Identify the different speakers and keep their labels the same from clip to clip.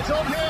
Speaker 1: is okay.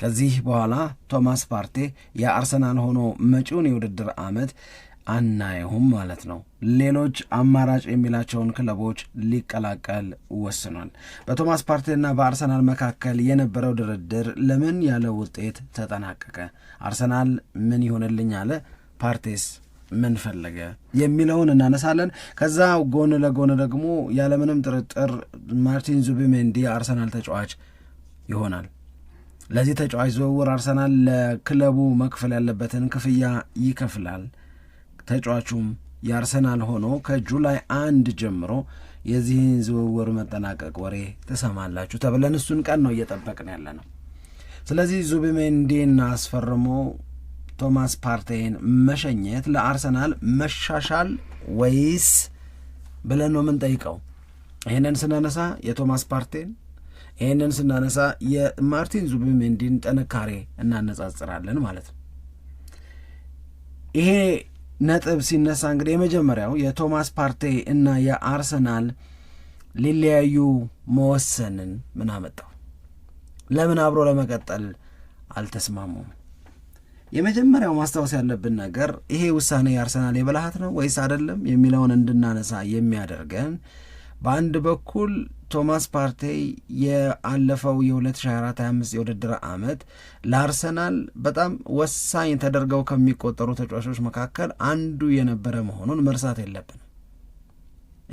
Speaker 2: ከዚህ በኋላ ቶማስ ፓርቴ የአርሰናል ሆኖ መጪውን የውድድር ዓመት አናየሁም ማለት ነው። ሌሎች አማራጭ የሚላቸውን ክለቦች ሊቀላቀል ወስኗል። በቶማስ ፓርቴና በአርሰናል መካከል የነበረው ድርድር ለምን ያለ ውጤት ተጠናቀቀ? አርሰናል ምን ይሆንልኝ አለ? ፓርቴስ ምን ፈለገ የሚለውን እናነሳለን። ከዛ ጎን ለጎን ደግሞ ያለምንም ጥርጥር ማርቲን ዙቢሜንዲ አርሰናል ተጫዋች ይሆናል። ለዚህ ተጫዋች ዝውውር አርሰናል ለክለቡ መክፈል ያለበትን ክፍያ ይከፍላል። ተጫዋቹም የአርሰናል ሆኖ ከጁላይ አንድ ጀምሮ የዚህን ዝውውር መጠናቀቅ ወሬ ትሰማላችሁ ተብለን እሱን ቀን ነው እየጠበቅን ያለ ነው። ስለዚህ ዙቢሜንዲን አስፈርሞ ቶማስ ፓርቴን መሸኘት ለአርሰናል መሻሻል ወይስ ብለን ነው የምንጠይቀው። ይህንን ስናነሳ የቶማስ ፓርቴን ይህንን ስናነሳ የማርቲን ዙቢሜንዲን ጥንካሬ እናነጻጽራለን ማለት ነው። ይሄ ነጥብ ሲነሳ እንግዲህ የመጀመሪያው የቶማስ ፓርቴ እና የአርሰናል ሊለያዩ መወሰንን ምን አመጣው? ለምን አብሮ ለመቀጠል አልተስማሙም? የመጀመሪያው ማስታወስ ያለብን ነገር ይሄ ውሳኔ የአርሰናል የበላሃት ነው ወይስ አይደለም የሚለውን እንድናነሳ የሚያደርገን በአንድ በኩል ቶማስ ፓርቴይ የአለፈው የ2024/25 የውድድር ዓመት ለአርሰናል በጣም ወሳኝ ተደርገው ከሚቆጠሩ ተጫዋቾች መካከል አንዱ የነበረ መሆኑን መርሳት የለብንም።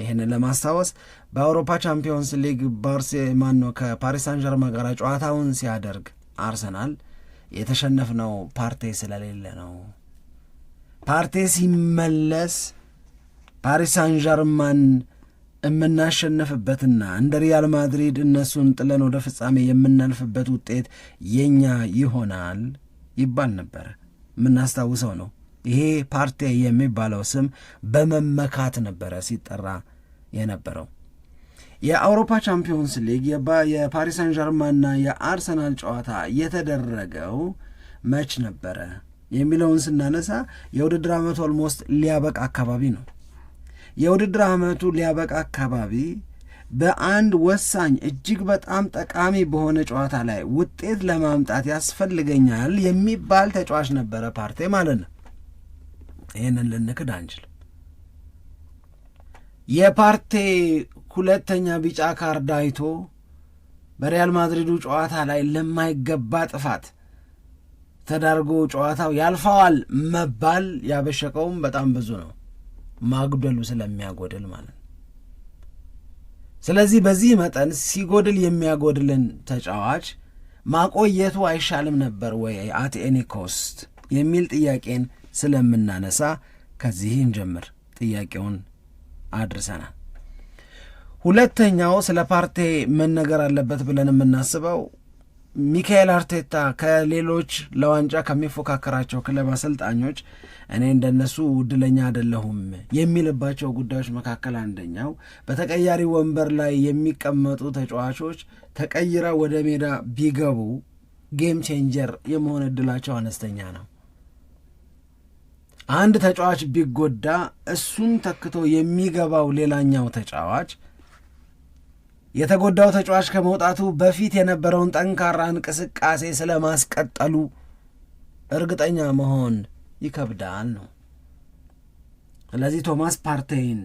Speaker 2: ይህንን ለማስታወስ በአውሮፓ ቻምፒዮንስ ሊግ ባርሴማኖ ከፓሪስ ሳን ዠርማ ጋር ጨዋታውን ሲያደርግ አርሰናል የተሸነፍነው ፓርቴ ስለሌለ ነው። ፓርቴ ሲመለስ ፓሪስ ሳን ዠርማን የምናሸንፍበትና እንደ ሪያል ማድሪድ እነሱን ጥለን ወደ ፍጻሜ የምናልፍበት ውጤት የኛ ይሆናል ይባል ነበረ። የምናስታውሰው ነው። ይሄ ፓርቲ የሚባለው ስም በመመካት ነበረ ሲጠራ የነበረው። የአውሮፓ ቻምፒዮንስ ሊግ የፓሪስ ሳን ዠርማንና የአርሰናል ጨዋታ የተደረገው መች ነበረ የሚለውን ስናነሳ የውድድር ዓመቱ ኦልሞስት ሊያበቃ አካባቢ ነው። የውድድር ዓመቱ ሊያበቃ አካባቢ በአንድ ወሳኝ እጅግ በጣም ጠቃሚ በሆነ ጨዋታ ላይ ውጤት ለማምጣት ያስፈልገኛል የሚባል ተጫዋች ነበረ ፓርቴ ማለት ነው። ይህንን ልንክድ አንችልም። የፓርቴ ሁለተኛ ቢጫ ካርድ አይቶ በሪያል ማድሪዱ ጨዋታ ላይ ለማይገባ ጥፋት ተዳርጎ ጨዋታው ያልፈዋል መባል ያበሸቀውም በጣም ብዙ ነው። ማጉደሉ ስለሚያጎድል ማለት ነው። ስለዚህ በዚህ መጠን ሲጎድል የሚያጎድልን ተጫዋች ማቆየቱ አይሻልም ነበር ወይ አት ኤኒ ኮስት የሚል ጥያቄን ስለምናነሳ ከዚህ እንጀምር። ጥያቄውን አድርሰናል። ሁለተኛው ስለ ፓርቴ መነገር አለበት ብለን የምናስበው ሚካኤል አርቴታ ከሌሎች ለዋንጫ ከሚፎካከራቸው ክለብ አሰልጣኞች እኔ እንደነሱ እድለኛ አይደለሁም የሚልባቸው ጉዳዮች መካከል አንደኛው በተቀያሪ ወንበር ላይ የሚቀመጡ ተጫዋቾች ተቀይራ ወደ ሜዳ ቢገቡ ጌም ቼንጀር የመሆን እድላቸው አነስተኛ ነው። አንድ ተጫዋች ቢጎዳ እሱን ተክቶ የሚገባው ሌላኛው ተጫዋች የተጎዳው ተጫዋች ከመውጣቱ በፊት የነበረውን ጠንካራ እንቅስቃሴ ስለማስቀጠሉ እርግጠኛ መሆን ይከብዳል ነው። ስለዚህ ቶማስ ፓርቴይን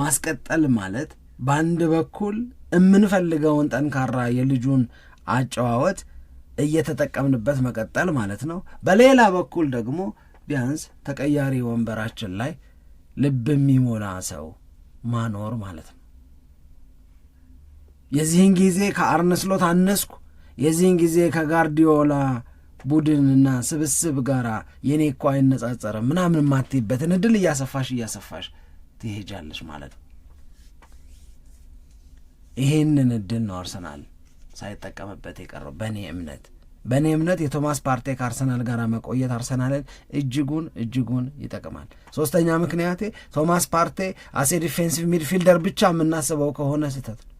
Speaker 2: ማስቀጠል ማለት በአንድ በኩል የምንፈልገውን ጠንካራ የልጁን አጨዋወት እየተጠቀምንበት መቀጠል ማለት ነው። በሌላ በኩል ደግሞ ቢያንስ ተቀያሪ ወንበራችን ላይ ልብ የሚሞላ ሰው ማኖር ማለት ነው። የዚህን ጊዜ ከአርነ ስሎት አነስኩ፣ የዚህን ጊዜ ከጋርዲዮላ ቡድንና ስብስብ ጋር የኔ እኮ አይነጻጸርም ምናምን ማትይበትን እድል እያሰፋሽ እያሰፋሽ ትሄጃለሽ ማለት ነው። ይህንን እድል ነው አርሰናል ሳይጠቀምበት የቀረው በእኔ እምነት በእኔ እምነት የቶማስ ፓርቴ ከአርሰናል ጋር መቆየት አርሰናልን እጅጉን እጅጉን ይጠቅማል። ሶስተኛ ምክንያቴ ቶማስ ፓርቴ አሴ ዲፌንሲቭ ሚድፊልደር ብቻ የምናስበው ከሆነ ስህተት ነው።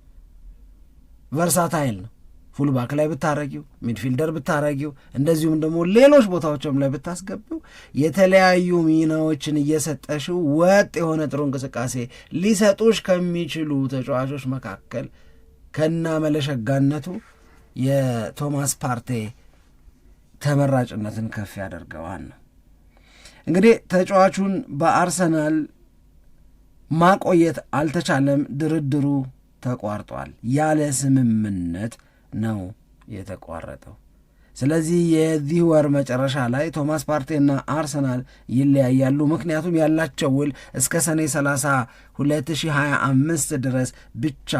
Speaker 2: ቨርሳታይል ነው። ፉልባክ ላይ ብታረጊው፣ ሚድፊልደር ብታረጊው፣ እንደዚሁም ደግሞ ሌሎች ቦታዎችም ላይ ብታስገቢው የተለያዩ ሚናዎችን እየሰጠሽው ወጥ የሆነ ጥሩ እንቅስቃሴ ሊሰጡሽ ከሚችሉ ተጫዋቾች መካከል ከና መለሸጋነቱ የቶማስ ፓርቴ ተመራጭነትን ከፍ ያደርገዋል ነው እንግዲህ ተጫዋቹን በአርሰናል ማቆየት አልተቻለም። ድርድሩ ተቋርጧል። ያለ ስምምነት ነው የተቋረጠው። ስለዚህ የዚህ ወር መጨረሻ ላይ ቶማስ ፓርቴና አርሰናል ይለያያሉ። ምክንያቱም ያላቸው ውል እስከ ሰኔ 30 2025 ድረስ ብቻ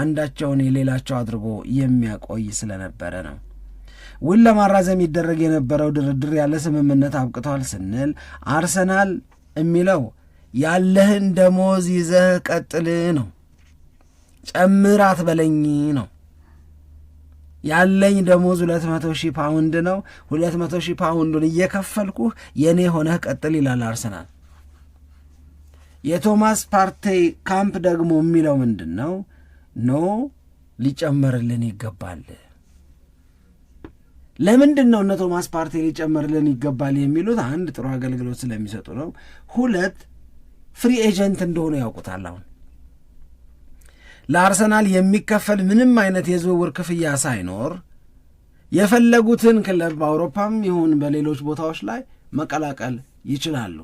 Speaker 2: አንዳቸውን የሌላቸው አድርጎ የሚያቆይ ስለነበረ ነው። ውል ለማራዘም ይደረግ የነበረው ድርድር ያለ ስምምነት አብቅቷል ስንል አርሰናል የሚለው ያለህን ደሞዝ ይዘህ ቀጥል ነው። ጨምራት በለኝ ነው ያለኝ ደሞዝ ሁለት መቶ ሺህ ፓውንድ ነው። ሁለት መቶ ሺህ ፓውንዱን እየከፈልኩህ የእኔ ሆነህ ቀጥል ይላል አርሰናል። የቶማስ ፓርቴይ ካምፕ ደግሞ የሚለው ምንድን ነው? ኖ ሊጨመርልን ይገባል። ለምንድን ነው እነ ቶማስ ፓርቴይ ሊጨመርልን ይገባል የሚሉት? አንድ ጥሩ አገልግሎት ስለሚሰጡ ነው። ሁለት ፍሪ ኤጀንት እንደሆኑ ያውቁታል አሁን ለአርሰናል የሚከፈል ምንም አይነት የዝውውር ክፍያ ሳይኖር የፈለጉትን ክለብ በአውሮፓም ይሁን በሌሎች ቦታዎች ላይ መቀላቀል ይችላሉ።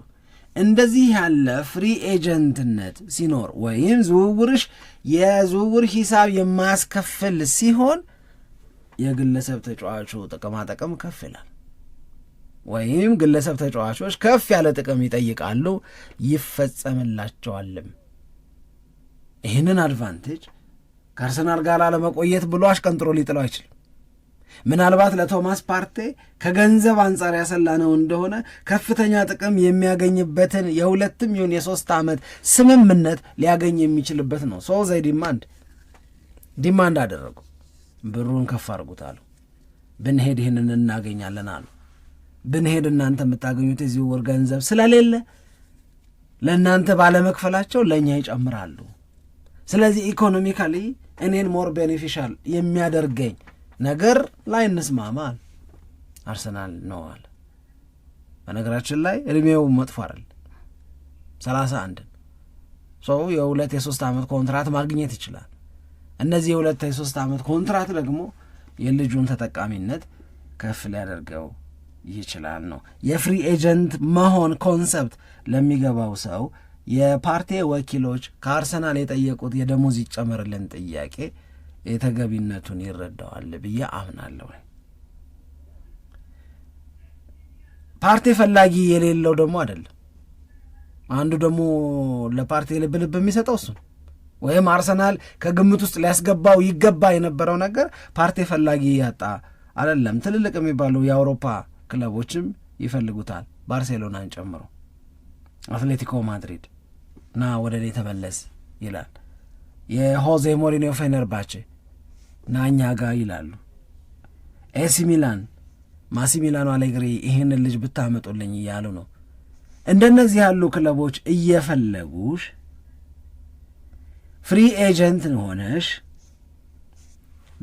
Speaker 2: እንደዚህ ያለ ፍሪ ኤጀንትነት ሲኖር ወይም ዝውውርሽ የዝውውር ሂሳብ የማያስከፍል ሲሆን የግለሰብ ተጫዋቹ ጥቅማጥቅም ከፍ ይላል፣ ወይም ግለሰብ ተጫዋቾች ከፍ ያለ ጥቅም ይጠይቃሉ፣ ይፈጸምላቸዋልም። ይህንን አድቫንቴጅ ከአርሰናል ጋር ለመቆየት ብሎ አሽቀንጥሮ ሊጥለው አይችልም። ምናልባት ለቶማስ ፓርቴ ከገንዘብ አንጻር ያሰላነው እንደሆነ ከፍተኛ ጥቅም የሚያገኝበትን የሁለትም ይሁን የሶስት ዓመት ስምምነት ሊያገኝ የሚችልበት ነው። ሶ ዘይ ዲማንድ ዲማንድ አደረጉ። ብሩን ከፍ አድርጉት አሉ። ብንሄድ ይህንን እናገኛለን አሉ። ብንሄድ እናንተ የምታገኙት የዚህ ገንዘብ ስለሌለ ለእናንተ ባለመክፈላቸው ለእኛ ይጨምራሉ ስለዚህ ኢኮኖሚካሊ እኔን ሞር ቤኔፊሻል የሚያደርገኝ ነገር ላይ እንስማማል። አርሰናል አለ። በነገራችን ላይ እድሜው መጥፎ አይደል፣ ሰላሳ አንድ ሰው የሁለት የሶስት ዓመት ኮንትራት ማግኘት ይችላል። እነዚህ የሁለት የሶስት ዓመት ኮንትራት ደግሞ የልጁን ተጠቃሚነት ከፍ ሊያደርገው ይችላል ነው የፍሪ ኤጀንት መሆን ኮንሰፕት ለሚገባው ሰው የፓርቴ ወኪሎች ከአርሰናል የጠየቁት የደሞዝ ይጨመርልን ጥያቄ የተገቢነቱን ይረዳዋል ብዬ አምናለሁ። ፓርቴ ፈላጊ የሌለው ደግሞ አይደለም። አንዱ ደግሞ ለፓርቴ ልብ ልብ የሚሰጠው እሱ ነው። ወይም አርሰናል ከግምት ውስጥ ሊያስገባው ይገባ የነበረው ነገር ፓርቴ ፈላጊ ያጣ አይደለም። ትልልቅ የሚባሉ የአውሮፓ ክለቦችም ይፈልጉታል፣ ባርሴሎናን ጨምሮ አትሌቲኮ ማድሪድ ና ወደ እኔ ተመለስ ይላል። የሆዜ ሞሪኒዮ ፌነርባቼ ና እኛ ጋ ይላሉ። ኤሲ ሚላን ሚላኑ አሌግሪ ይህንን ልጅ ብታመጡልኝ እያሉ ነው። እንደነዚህ ያሉ ክለቦች እየፈለጉሽ ፍሪ ኤጀንት ሆነሽ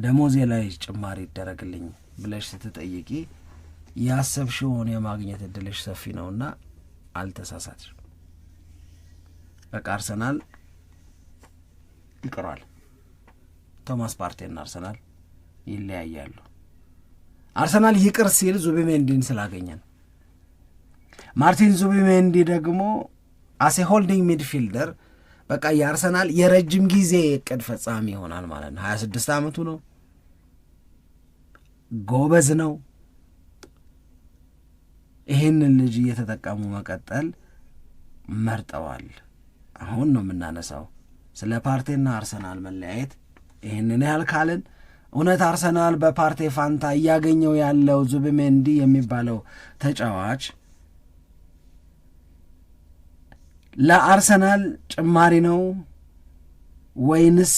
Speaker 2: ደሞዜ ላይ ጭማሪ ይደረግልኝ ብለሽ ስትጠይቂ ያሰብሽውን የማግኘት እድልሽ ሰፊ ነውና አልተሳሳትሽም። በቃ አርሰናል ይቅሯል። ቶማስ ፓርቴና አርሰናል ይለያያሉ። አርሰናል ይቅር ሲል ዙቢሜንዲን ስላገኘ ነው። ማርቲን ዙቢሜንዲ ደግሞ አሴ ሆልዲንግ ሚድፊልደር በቃ የአርሰናል የረጅም ጊዜ እቅድ ፈጻሚ ይሆናል ማለት ነው። ሀያ ስድስት ዓመቱ ነው። ጎበዝ ነው። ይህንን ልጅ እየተጠቀሙ መቀጠል መርጠዋል። አሁን ነው የምናነሳው ስለ ፓርቴና አርሰናል መለያየት ይህንን ያህል ካልን እውነት አርሰናል በፓርቴ ፋንታ እያገኘው ያለው ዙብሜንዲ የሚባለው ተጫዋች ለአርሰናል ጭማሪ ነው ወይንስ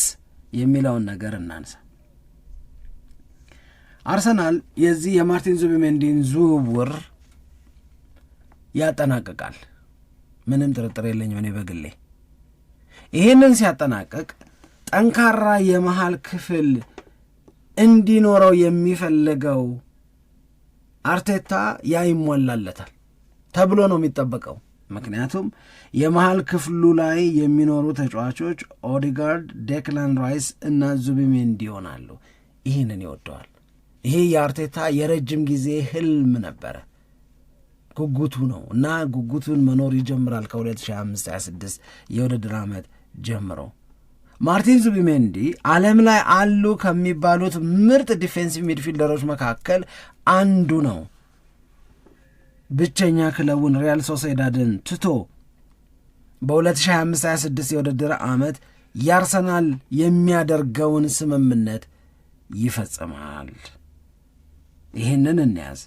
Speaker 2: የሚለውን ነገር እናንሳ። አርሰናል የዚህ የማርቲን ዙብሜንዲን ዝውውር ያጠናቅቃል፣ ምንም ጥርጥር የለኝም እኔ በግሌ ይህንን ሲያጠናቅቅ ጠንካራ የመሃል ክፍል እንዲኖረው የሚፈልገው አርቴታ ያ ይሟላለታል ተብሎ ነው የሚጠበቀው። ምክንያቱም የመሃል ክፍሉ ላይ የሚኖሩ ተጫዋቾች ኦዲጋርድ፣ ዴክላን ራይስ እና ዙቢሜንዲ ይሆናሉ። ይህንን ይወደዋል። ይሄ የአርቴታ የረጅም ጊዜ ህልም ነበረ፣ ጉጉቱ ነው እና ጉጉቱን መኖር ይጀምራል ከ2025/26 የውድድር ዓመት ጀምሮ ማርቲን ዙቢሜንዲ ዓለም ላይ አሉ ከሚባሉት ምርጥ ዲፌንሲቭ ሚድፊልደሮች መካከል አንዱ ነው። ብቸኛ ክለቡን ሪያል ሶሴዳድን ትቶ በ2025/26 የውድድር ዓመት የአርሰናል የሚያደርገውን ስምምነት ይፈጽማል። ይህንን እንያዝ።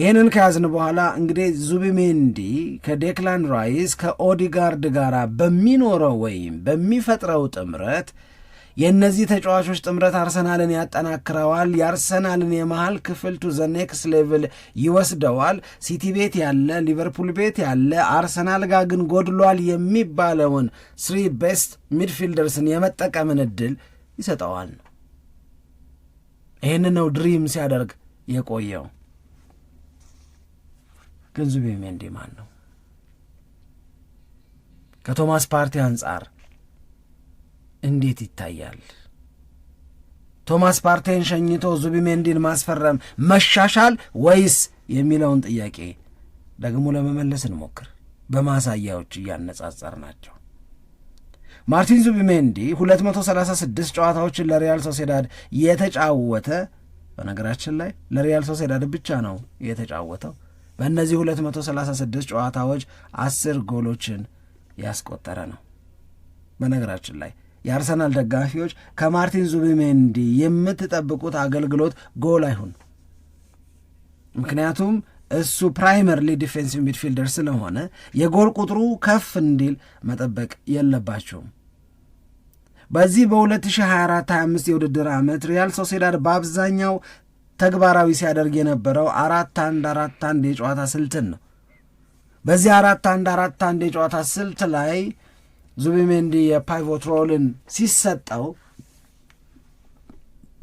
Speaker 2: ይህንን ከያዝን በኋላ እንግዲህ ዙቢሜንዲ ከዴክላን ራይስ ከኦዲጋርድ ጋር በሚኖረው ወይም በሚፈጥረው ጥምረት የእነዚህ ተጫዋቾች ጥምረት አርሰናልን ያጠናክረዋል። የአርሰናልን የመሃል ክፍል ቱ ዘ ኔክስት ሌቭል ይወስደዋል። ሲቲ ቤት ያለ፣ ሊቨርፑል ቤት ያለ፣ አርሰናል ጋር ግን ጎድሏል የሚባለውን ስሪ ቤስት ሚድፊልደርስን የመጠቀምን እድል ይሰጠዋል። ይህን ነው ድሪም ሲያደርግ የቆየው። ገንዘብ ሜንዲ ማን ነው? ከቶማስ ፓርቲ አንጻር እንዴት ይታያል? ቶማስ ፓርቴን ሸኝቶ ዙቢሜንዲን ማስፈረም መሻሻል ወይስ የሚለውን ጥያቄ ደግሞ ለመመለስ እንሞክር። በማሳያዎች እያነጻጸር ናቸው። ማርቲን ዙቢሜንዲ 236 ጨዋታዎችን ለሪያል ሶሴዳድ የተጫወተ በነገራችን ላይ ለሪያል ሶሴዳድ ብቻ ነው የተጫወተው በእነዚህ 236 ጨዋታዎች አስር ጎሎችን ያስቆጠረ ነው። በነገራችን ላይ የአርሰናል ደጋፊዎች ከማርቲን ዙቢሜንዲ የምትጠብቁት አገልግሎት ጎል አይሁን። ምክንያቱም እሱ ፕራይመርሊ ዲፌንሲቭ ሚድፊልደር ስለሆነ የጎል ቁጥሩ ከፍ እንዲል መጠበቅ የለባቸውም። በዚህ በ2024/25 የውድድር ዓመት ሪያል ሶሴዳድ በአብዛኛው ተግባራዊ ሲያደርግ የነበረው አራት አንድ አራት አንድ የጨዋታ ስልትን ነው። በዚህ አራት አንድ አራት አንድ የጨዋታ ስልት ላይ ዙቢሜንዲ የፓይቮት ሮልን ሲሰጠው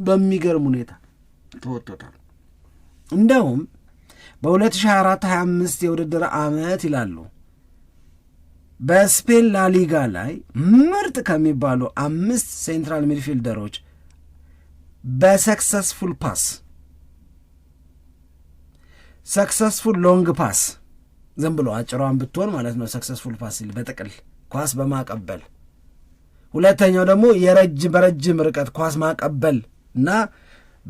Speaker 2: በሚገርም ሁኔታ ተወጥቶታል። እንደውም በ2024/25 የውድድር ዓመት ይላሉ በስፔን ላሊጋ ላይ ምርጥ ከሚባሉ አምስት ሴንትራል ሚድፊልደሮች በሰክሰስፉል ፓስ ሰክሰስፉል ሎንግ ፓስ ዝም ብሎ አጭሯን ብትሆን ማለት ነው ሰክሰስፉል ፓስ በጥቅል ኳስ በማቀበል ሁለተኛው ደግሞ የረጅም በረጅም ርቀት ኳስ ማቀበል እና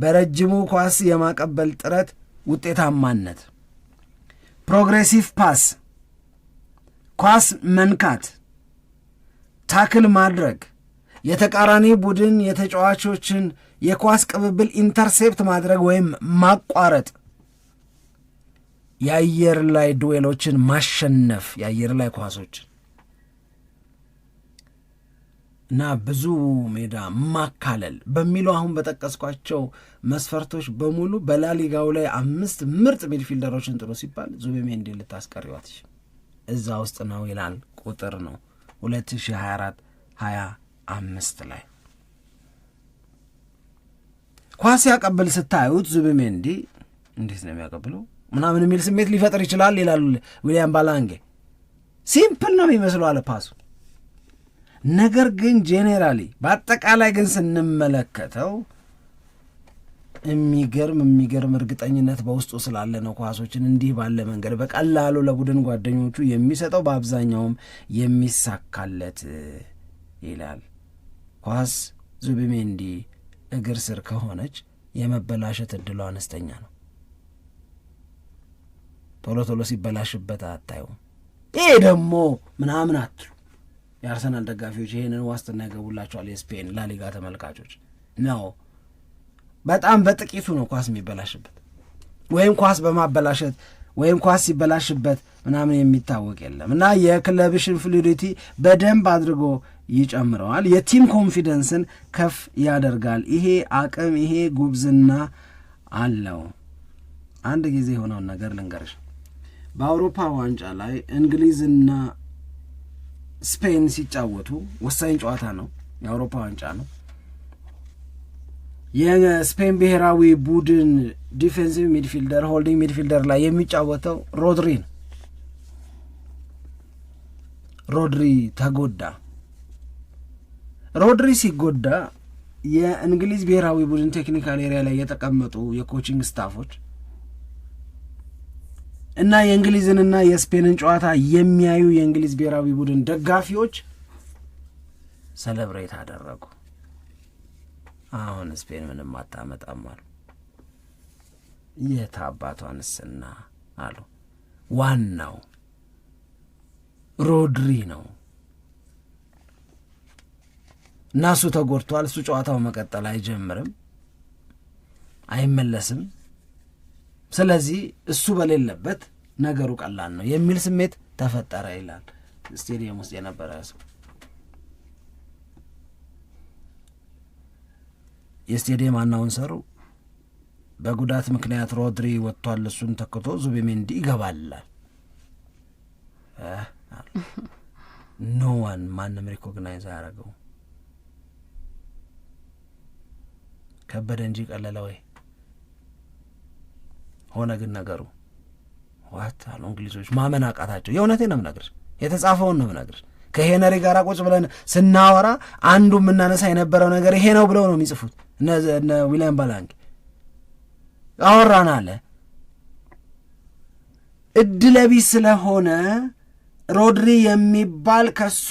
Speaker 2: በረጅሙ ኳስ የማቀበል ጥረት ውጤታማነት፣ ፕሮግሬሲቭ ፓስ፣ ኳስ መንካት፣ ታክል ማድረግ፣ የተቃራኒ ቡድን የተጫዋቾችን የኳስ ቅብብል ኢንተርሴፕት ማድረግ ወይም ማቋረጥ የአየር ላይ ዱዌሎችን ማሸነፍ የአየር ላይ ኳሶችን እና ብዙ ሜዳ ማካለል በሚሉ አሁን በጠቀስኳቸው መስፈርቶች በሙሉ በላሊጋው ላይ አምስት ምርጥ ሚድፊልደሮችን ጥሩ ሲባል ዙቤሜንዲ ልታስቀሪዋት እዛ ውስጥ ነው ይላል። ቁጥር ነው 2024 25 ላይ ኳስ ያቀብል ስታዩት ዙቤሜንዲ እንዴት ነው የሚያቀብለው? ምናምን የሚል ስሜት ሊፈጥር ይችላል ይላሉ ዊሊያም ባላንጌ። ሲምፕል ነው የሚመስለው አለ ፓሱ። ነገር ግን ጄኔራሊ በአጠቃላይ ግን ስንመለከተው የሚገርም የሚገርም እርግጠኝነት በውስጡ ስላለ ነው ኳሶችን እንዲህ ባለ መንገድ በቀላሉ ለቡድን ጓደኞቹ የሚሰጠው በአብዛኛውም የሚሳካለት ይላል። ኳስ ዙቢሜንዲ እግር ስር ከሆነች የመበላሸት እድሉ አነስተኛ ነው። ቶሎ ቶሎ ሲበላሽበት አታዩም። ይሄ ደግሞ ምናምን አትሉ። የአርሰናል ደጋፊዎች ይህንን ዋስትና ያገቡላቸዋል። የስፔን ላሊጋ ተመልካቾች ነው። በጣም በጥቂቱ ነው ኳስ የሚበላሽበት ወይም ኳስ በማበላሸት ወይም ኳስ ሲበላሽበት ምናምን የሚታወቅ የለም እና የክለብሽን ፍሉዲቲ በደንብ አድርጎ ይጨምረዋል። የቲም ኮንፊደንስን ከፍ ያደርጋል። ይሄ አቅም ይሄ ጉብዝና አለው። አንድ ጊዜ የሆነውን ነገር ልንገርሽ። በአውሮፓ ዋንጫ ላይ እንግሊዝና ስፔን ሲጫወቱ ወሳኝ ጨዋታ ነው። የአውሮፓ ዋንጫ ነው። የስፔን ብሔራዊ ቡድን ዲፌንሲቭ ሚድፊልደር ሆልዲንግ ሚድፊልደር ላይ የሚጫወተው ሮድሪ ነው። ሮድሪ ተጎዳ። ሮድሪ ሲጎዳ የእንግሊዝ ብሔራዊ ቡድን ቴክኒካል ኤሪያ ላይ የተቀመጡ የኮችንግ ስታፎች እና የእንግሊዝንና የስፔንን ጨዋታ የሚያዩ የእንግሊዝ ብሔራዊ ቡድን ደጋፊዎች ሰለብሬት አደረጉ። አሁን ስፔን ምንም አታመጣም አሉ። የት አባቷንስና አሉ። ዋናው ሮድሪ ነው እና እሱ ተጎድቷል። እሱ ጨዋታው መቀጠል አይጀምርም፣ አይመለስም ስለዚህ እሱ በሌለበት ነገሩ ቀላል ነው የሚል ስሜት ተፈጠረ ይላል ስቴዲየም ውስጥ የነበረ ሰው። የስቴዲየም ሰሩ በጉዳት ምክንያት ሮድሪ ወጥቷል፣ እሱን ተክቶ ዙቢሜንዲ ይገባል። ኖ ዋን ማንም ሪኮግናይዝ አያደረገው። ከበደ እንጂ ቀለለ ወይ ሆነ ግን ነገሩ ዋት አሉ እንግሊዞች ማመን አቃታቸው። የእውነቴ ነው ምነግር የተጻፈውን ነው የምነግርሽ። ከሄነሪ ጋር ቁጭ ብለን ስናወራ አንዱ የምናነሳ የነበረው ነገር ይሄ ነው ብለው ነው የሚጽፉት። እነ ዊልያም ባላንጌ አወራን አለ እድለቢስ ስለሆነ ሮድሪ የሚባል ከሱ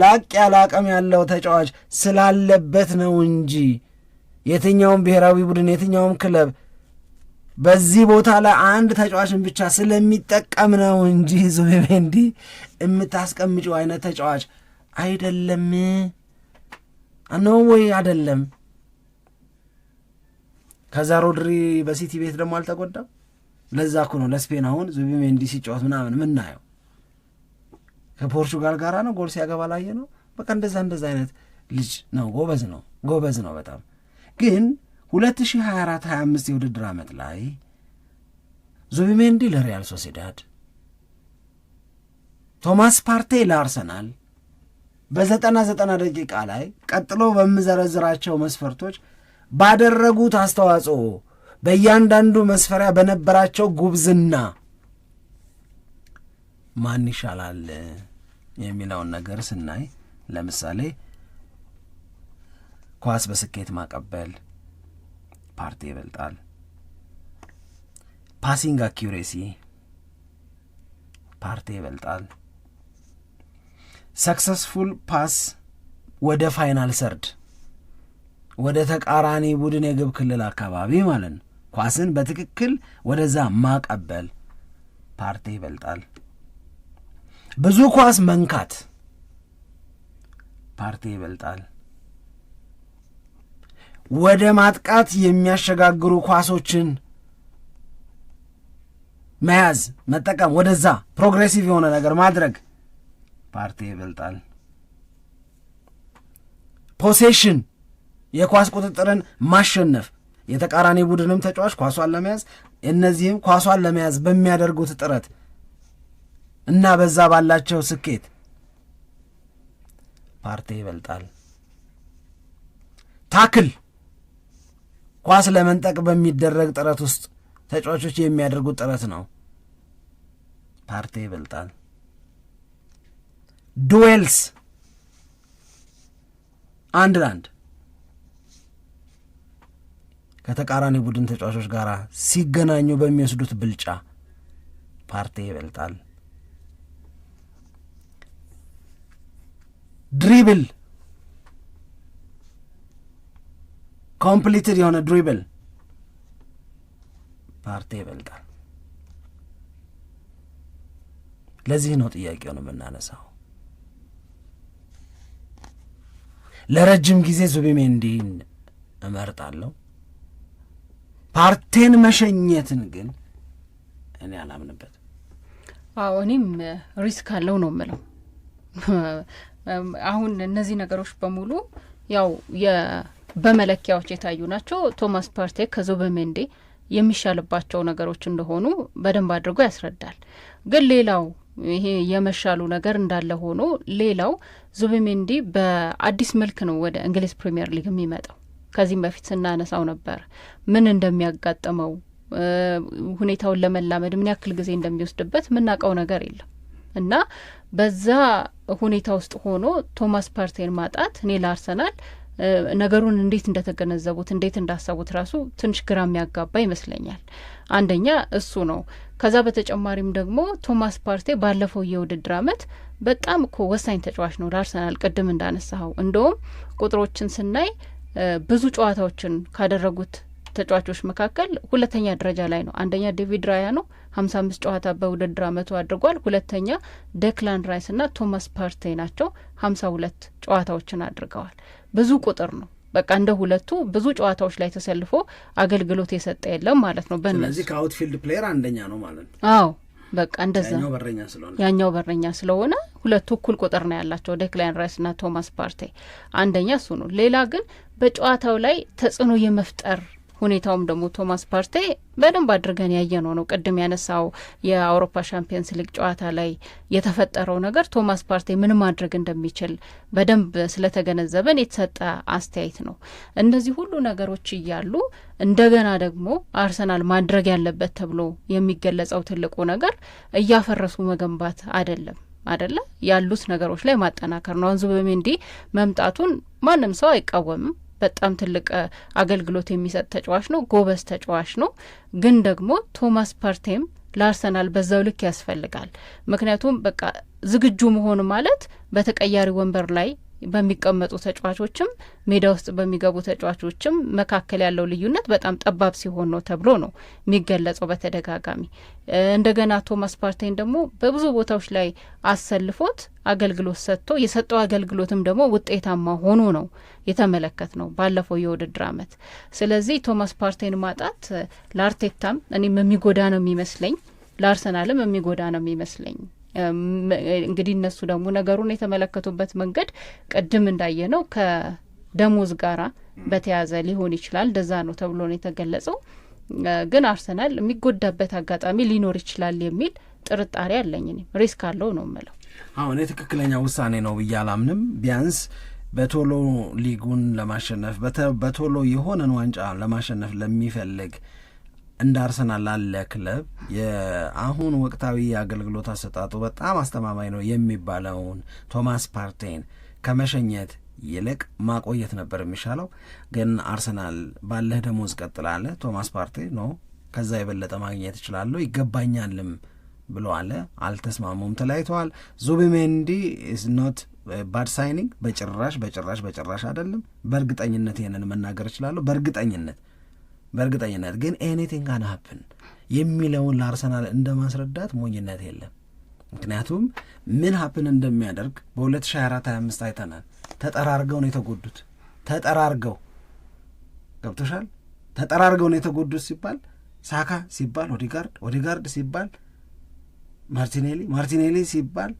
Speaker 2: ላቅ ያለ አቅም ያለው ተጫዋች ስላለበት ነው እንጂ የትኛውም ብሔራዊ ቡድን የትኛውም ክለብ በዚህ ቦታ ላይ አንድ ተጫዋችን ብቻ ስለሚጠቀም ነው እንጂ ዙቢሜንዲ የምታስቀምጪው አይነት ተጫዋች አይደለም ነው ወይ አይደለም? ከዛ ሮድሪ በሲቲ ቤት ደግሞ አልተጎዳም። ለዛ እኮ ነው ለስፔን አሁን ዙቢሜንዲ ሲጫወት ምናምን ምናየው ከፖርቹጋል ጋር ነው ጎል ሲያገባ ላየ ነው። በቃ እንደዛ እንደዛ አይነት ልጅ ነው። ጎበዝ ነው፣ ጎበዝ ነው በጣም ግን 2024/25 የውድድር ዓመት ላይ ዙቢሜንዲ ለሪያል ሶሲዳድ፣ ቶማስ ፓርቴ ለአርሰናል በዘጠና ዘጠና ደቂቃ ላይ ቀጥሎ በምዘረዝራቸው መስፈርቶች ባደረጉት አስተዋጽኦ በእያንዳንዱ መስፈሪያ በነበራቸው ጉብዝና ማን ይሻላል የሚለውን ነገር ስናይ ለምሳሌ ኳስ በስኬት ማቀበል ፓርቲ ይበልጣል። ፓሲንግ አኪሬሲ ፓርቲ ይበልጣል። ሰክሰስፉል ፓስ ወደ ፋይናል ሰርድ ወደ ተቃራኒ ቡድን የግብ ክልል አካባቢ ማለት ነው። ኳስን በትክክል ወደዛ ማቀበል ፓርቴ ይበልጣል። ብዙ ኳስ መንካት ፓርቴ ይበልጣል። ወደ ማጥቃት የሚያሸጋግሩ ኳሶችን መያዝ፣ መጠቀም፣ ወደዛ ፕሮግሬሲቭ የሆነ ነገር ማድረግ። ፓርቴ ይበልጣል። ፖሴሽን፣ የኳስ ቁጥጥርን ማሸነፍ፣ የተቃራኒ ቡድንም ተጫዋች ኳሷን ለመያዝ እነዚህም ኳሷን ለመያዝ በሚያደርጉት ጥረት እና በዛ ባላቸው ስኬት ፓርቴ ይበልጣል። ታክል ኳስ ለመንጠቅ በሚደረግ ጥረት ውስጥ ተጫዋቾች የሚያደርጉት ጥረት ነው። ፓርቴ ይበልጣል። ዱዌልስ አንድ ለአንድ ከተቃራኒ ቡድን ተጫዋቾች ጋር ሲገናኙ በሚወስዱት ብልጫ ፓርቴ ይበልጣል። ድሪብል ኮምፕሊትድ የሆነ ድሪብል ፓርቴ ይበልጣል። ለዚህ ነው ነው የምናነሳው። ለረጅም ጊዜ ዙቢሜንዲን እመርጣለሁ። ፓርቴን መሸኘትን ግን እኔ አላምንበት።
Speaker 3: አዎ እኔም ሪስክ አለው ነው የምለው። አሁን እነዚህ ነገሮች በሙሉ ያው በመለኪያዎች የታዩ ናቸው። ቶማስ ፓርቴ ከዙቢሜንዲ የሚሻልባቸው ነገሮች እንደሆኑ በደንብ አድርጎ ያስረዳል። ግን ሌላው ይሄ የመሻሉ ነገር እንዳለ ሆኖ ሌላው ዙቢሜንዲ በአዲስ መልክ ነው ወደ እንግሊዝ ፕሪምየር ሊግ የሚመጣው። ከዚህም በፊት ስናነሳው ነበር ምን እንደሚያጋጥመው ሁኔታውን ለመላመድ ምን ያክል ጊዜ እንደሚወስድበት የምናውቀው ነገር የለም እና በዛ ሁኔታ ውስጥ ሆኖ ቶማስ ፓርቴን ማጣት እኔ ለአርሰናል ነገሩን እንዴት እንደተገነዘቡት እንዴት እንዳሰቡት ራሱ ትንሽ ግራ የሚያጋባ ይመስለኛል። አንደኛ እሱ ነው። ከዛ በተጨማሪም ደግሞ ቶማስ ፓርቴ ባለፈው የውድድር አመት በጣም እኮ ወሳኝ ተጫዋች ነው ለአርሰናል። ቅድም እንዳነሳኸው እንደውም ቁጥሮችን ስናይ ብዙ ጨዋታዎችን ካደረጉት ተጫዋቾች መካከል ሁለተኛ ደረጃ ላይ ነው። አንደኛ ዴቪድ ራያ ነው፣ ሀምሳ አምስት ጨዋታ በውድድር አመቱ አድርጓል። ሁለተኛ ደክላን ራይስና ቶማስ ፓርቴ ናቸው፣ ሀምሳ ሁለት ጨዋታዎችን አድርገዋል። ብዙ ቁጥር ነው። በቃ እንደ ሁለቱ ብዙ ጨዋታዎች ላይ ተሰልፎ አገልግሎት የሰጠ የለም ማለት ነው። በስለዚህ ከአውትፊልድ ፕሌየር አንደኛ ነው ማለት ነው። አዎ በቃ እንደዛ ያኛው በረኛ ስለሆነ ሁለቱ እኩል ቁጥር ነው ያላቸው ዴክላን ራይስ ና ቶማስ ፓርቴ አንደኛ እሱ ነው። ሌላ ግን በጨዋታው ላይ ተጽዕኖ የመፍጠር ሁኔታውም ደግሞ ቶማስ ፓርቴ በደንብ አድርገን ያየነው ነው። ቅድም ያነሳው የአውሮፓ ሻምፒየንስ ሊግ ጨዋታ ላይ የተፈጠረው ነገር ቶማስ ፓርቴ ምን ማድረግ እንደሚችል በደንብ ስለተገነዘበን የተሰጠ አስተያየት ነው። እነዚህ ሁሉ ነገሮች እያሉ እንደገና ደግሞ አርሰናል ማድረግ ያለበት ተብሎ የሚገለጸው ትልቁ ነገር እያፈረሱ መገንባት አይደለም አደለ ያሉት ነገሮች ላይ ማጠናከር ነው። አንዙ በሜንዲ መምጣቱን ማንም ሰው አይቃወምም። በጣም ትልቅ አገልግሎት የሚሰጥ ተጫዋች ነው፣ ጎበዝ ተጫዋች ነው። ግን ደግሞ ቶማስ ፓርቴም ለአርሰናል በዛው ልክ ያስፈልጋል። ምክንያቱም በቃ ዝግጁ መሆኑ ማለት በተቀያሪ ወንበር ላይ በሚቀመጡ ተጫዋቾችም ሜዳ ውስጥ በሚገቡ ተጫዋቾችም መካከል ያለው ልዩነት በጣም ጠባብ ሲሆን ነው ተብሎ ነው የሚገለጸው በተደጋጋሚ። እንደገና ቶማስ ፓርቴን ደግሞ በብዙ ቦታዎች ላይ አሰልፎት አገልግሎት ሰጥቶ የሰጠው አገልግሎትም ደግሞ ውጤታማ ሆኖ ነው የተመለከት ነው ባለፈው የውድድር ዓመት። ስለዚህ ቶማስ ፓርቴን ማጣት ለአርቴታም እኔም የሚጎዳ ነው የሚመስለኝ፣ ለአርሰናልም የሚጎዳ ነው የሚመስለኝ። እንግዲህ እነሱ ደግሞ ነገሩን የተመለከቱበት መንገድ ቅድም እንዳየ ነው ከደሞዝ ጋራ በተያዘ ሊሆን ይችላል። እንደዛ ነው ተብሎ ነው የተገለጸው። ግን አርሰናል የሚጎዳበት አጋጣሚ ሊኖር ይችላል የሚል ጥርጣሬ አለኝ። እኔም ሪስክ አለው ነው ምለው።
Speaker 4: አሁን የትክክለኛ ውሳኔ ነው ብዬ አላምንም። ቢያንስ በቶሎ ሊጉን ለማሸነፍ በቶሎ የሆነን ዋንጫ ለማሸነፍ ለሚፈልግ እንደ አርሰናል ላለ ክለብ የአሁን ወቅታዊ የአገልግሎት አሰጣጡ በጣም አስተማማኝ ነው የሚባለውን ቶማስ ፓርቴን ከመሸኘት ይልቅ ማቆየት ነበር የሚሻለው። ግን አርሰናል ባለህ ደሞዝ ቀጥላለ። ቶማስ ፓርቴ ኖ ከዛ የበለጠ ማግኘት እችላለሁ ይገባኛልም ብሎ አለ። አልተስማሙም፣ ተለያይተዋል። ዙቢሜንዲ ኢዝ ኖት ባድ ሳይኒንግ፣ በጭራሽ በጭራሽ በጭራሽ አይደለም። በእርግጠኝነት ይህንን መናገር እችላለሁ። በእርግጠኝነት በእርግጠኝነት ግን ኤኒቲንግ ካን ሀፕን የሚለውን ለአርሰናል እንደ ማስረዳት ሞኝነት የለም። ምክንያቱም ምን ሀፕን እንደሚያደርግ በ2024/25 አይተናል። ተጠራርገው ነው የተጎዱት። ተጠራርገው ገብቶሻል። ተጠራርገው ነው የተጎዱት ሲባል ሳካ ሲባል ኦዲጋርድ፣ ኦዲጋርድ ሲባል ማርቲኔሊ፣ ማርቲኔሊ ሲባል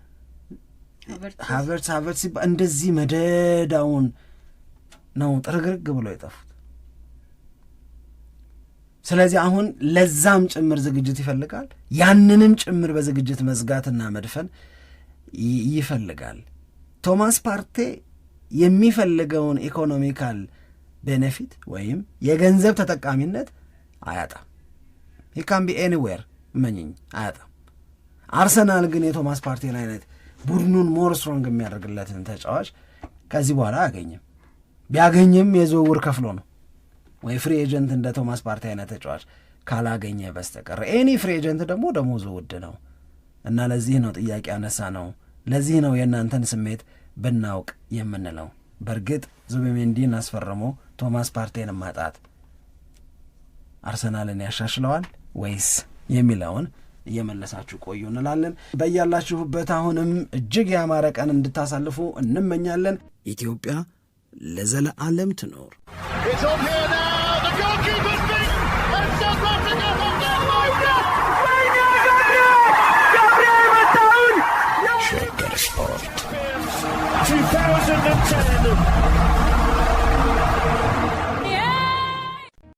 Speaker 4: ሀቨርት፣ ሀቨርት ሲባል እንደዚህ መደዳውን ነው ጥርግርግ ብሎ የጠፉት። ስለዚህ አሁን ለዛም ጭምር ዝግጅት ይፈልጋል። ያንንም ጭምር በዝግጅት መዝጋትና መድፈን ይፈልጋል። ቶማስ ፓርቴ የሚፈልገውን ኢኮኖሚካል ቤኔፊት ወይም የገንዘብ ተጠቃሚነት አያጣም። ቢ ኤኒዌር መኝኝ አያጣም። አርሰናል ግን የቶማስ ፓርቴን አይነት ቡድኑን ሞር ስትሮንግ የሚያደርግለትን ተጫዋች ከዚህ በኋላ አያገኝም። ቢያገኝም የዝውውር ከፍሎ ነው ወይ ፍሪ ኤጀንት እንደ ቶማስ ፓርቲ አይነት ተጫዋች ካላገኘ በስተቀር ኤኒ ፍሪ ኤጀንት ደግሞ ደሞዙ ውድ ነው እና ለዚህ ነው ጥያቄ አነሳ ነው። ለዚህ ነው የእናንተን ስሜት ብናውቅ የምንለው። በእርግጥ ዙቢሜንዲን አስፈርሞ ቶማስ ፓርቴን ማጣት አርሰናልን ያሻሽለዋል ወይስ የሚለውን እየመለሳችሁ ቆዩ እንላለን። በያላችሁበት አሁንም እጅግ ያማረ ቀን እንድታሳልፉ እንመኛለን። ኢትዮጵያ ለዘለዓለም ትኖር። Kaçırdım çeneni.